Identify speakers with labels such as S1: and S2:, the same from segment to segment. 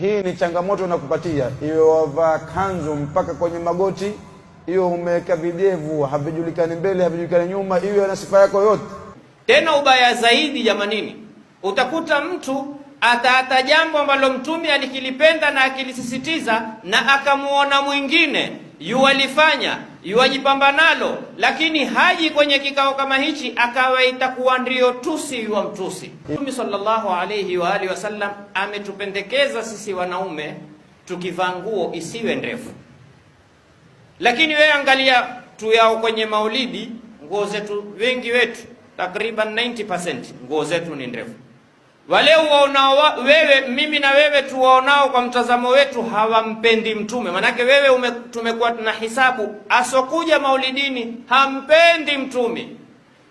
S1: Hii ni changamoto nakupatia, iwe wavaa kanzu mpaka kwenye magoti, iwe umeweka videvu havijulikani mbele havijulikani nyuma, iwe na sifa yako yote.
S2: Tena ubaya zaidi, jamanini, utakuta mtu ataata jambo ambalo mtume alikilipenda na akilisisitiza na akamuona mwingine yuwalifanya yuwajipamba nalo, lakini haji kwenye kikao kama hichi akawa itakuwa ndio tusi wa mtusi. Mtume sallallahu alayhi wa alihi wasallam ametupendekeza sisi wanaume tukivaa nguo isiwe ndefu, lakini wewe angalia tu yao kwenye maulidi, nguo zetu wengi wetu takriban 90% nguo zetu ni ndefu wale uwaonao wewe, mimi na wewe tuwaonao kwa mtazamo wetu hawampendi Mtume. maanake wewe ume, tumekuwa na hisabu asokuja maulidini hampendi Mtume.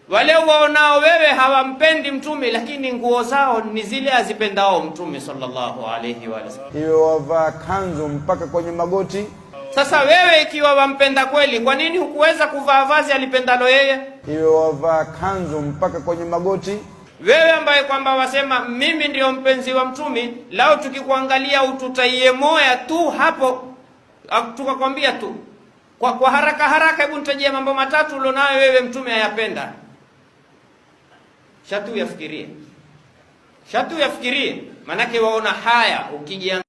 S2: Wale uwaonao wewe hawampendi Mtume, lakini nguo zao ni zile azipendao Mtume sallallahu alayhi wa sallam,
S1: hiyo wavaa kanzu mpaka kwenye magoti.
S2: Sasa wewe ikiwa wampenda kweli, kwa nini hukuweza kuvaa vazi alipendalo yeye?
S1: Hiyo wavaa kanzu mpaka kwenye magoti.
S2: Wewe ambaye kwamba wasema mimi ndio mpenzi wa mtumi, lao tukikuangalia ututaiye moya tu hapo, tukakwambia tu kwa, kwa haraka haraka, hebu nitajia mambo matatu ulionayo wewe mtume ayapenda Shatu yafikirie, shatu yafikirie, manake waona haya ukija